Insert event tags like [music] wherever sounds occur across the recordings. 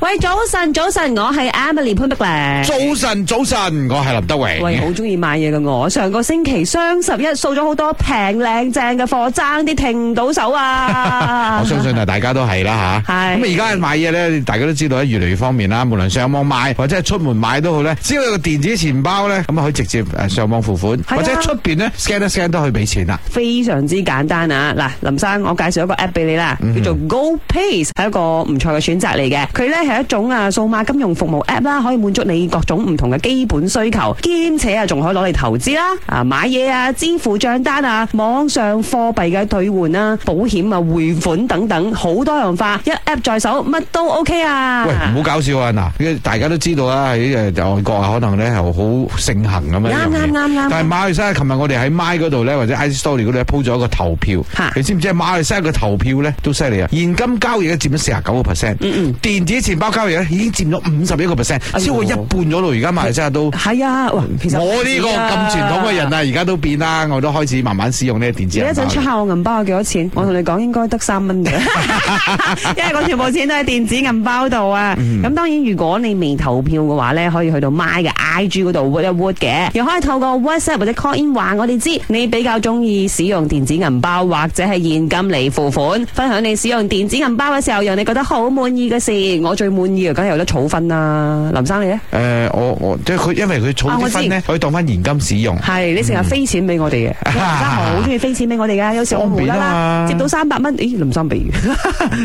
喂，早晨，早晨，我係 Emily 潘碧玲。早晨，早晨，我係林德榮。喂，好中意買嘢嘅我，上個星期雙十一掃咗好多平靚正嘅貨，爭啲停唔到手啊！ [laughs] 我相信啊，大家都係啦吓。係咁而家買嘢咧，大家都知道越嚟越方便啦。無論上網買或者係出門買都好咧，只要有個電子錢包咧，咁啊可以直接誒上網付款，或者出邊咧 scan 一 scan 都可以俾錢啦。非常之簡單啊！嗱，林生，我介紹一個 app 俾你啦，叫做 Go p a c e 係、嗯、一個唔錯嘅選擇嚟嘅，佢咧。係一種啊數碼金融服務 App 啦，可以滿足你各種唔同嘅基本需求，兼且啊仲可以攞嚟投資啦，啊買嘢啊，支付帳單啊，網上貨幣嘅兌換啊，保險啊，匯款等等，好多元化，一 App 在手乜都 OK 啊！喂，唔好搞笑啊嗱，因為大家都知道啊，喺誒就外國啊，可能咧又好盛行咁樣樣嘅，但係馬來西亞琴日我哋喺 My 嗰度咧，或者 iStory 嗰度咧鋪咗一個投票，你知唔知馬來西亞嘅投票咧都犀利啊？現金交易嘅佔咗四十九個 percent，嗯嗯，電子錢包交易已經佔咗五十一個 percent，超過一半咗咯。而家賣真係都係啊、哎！我呢個咁傳統嘅人啊，而家都變啦，我都開始慢慢使用呢個電子銀包。一陣出一下我銀包有幾多錢？我同你講應該得三蚊嘅， [laughs] [laughs] [laughs] 因為我全部錢都喺電子銀包度啊。咁、 [laughs] 嗯、當然如果你未投票嘅話咧，可以去到 My 嘅 IG 嗰度 vote 一 vote 嘅，又可以透過 WhatsApp 或者 call in 話我哋知你比較中意使用電子銀包或者係現金嚟付款。分享你使用電子銀包嘅時候，讓你覺得好滿意嘅事，我最滿意有分啊，梗係有得儲分啦，林生你咧？誒、呃，我我即係佢，因為佢儲啲分咧、啊，可以當翻現金使用。係，你成日飛錢俾我哋嘅，而家好中意飛錢俾我哋噶，有、啊、時我冇啦啦，接到三百蚊，誒，林生不如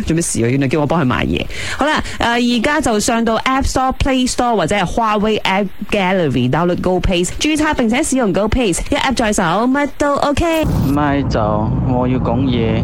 做咩事啊？原來叫我幫佢買嘢。好啦，誒、呃，而家就上到 App Store、Play Store 或者係華為 App Gallery download GoPay 註冊，並且使用 GoPay 一 app 在手乜都 OK。唔咪就我要講嘢。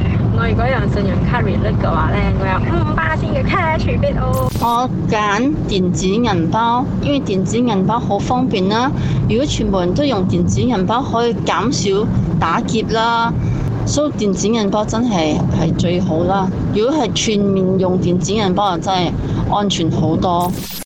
我如果用信用卡 rate 嘅話咧，我有五五八啲嘅 cashback 哦。我揀電子銀包，因為電子銀包好方便啦。如果全部人都用電子銀包，可以減少打劫啦。所以電子銀包真係係最好啦。如果係全面用電子銀包，又真係安全好多。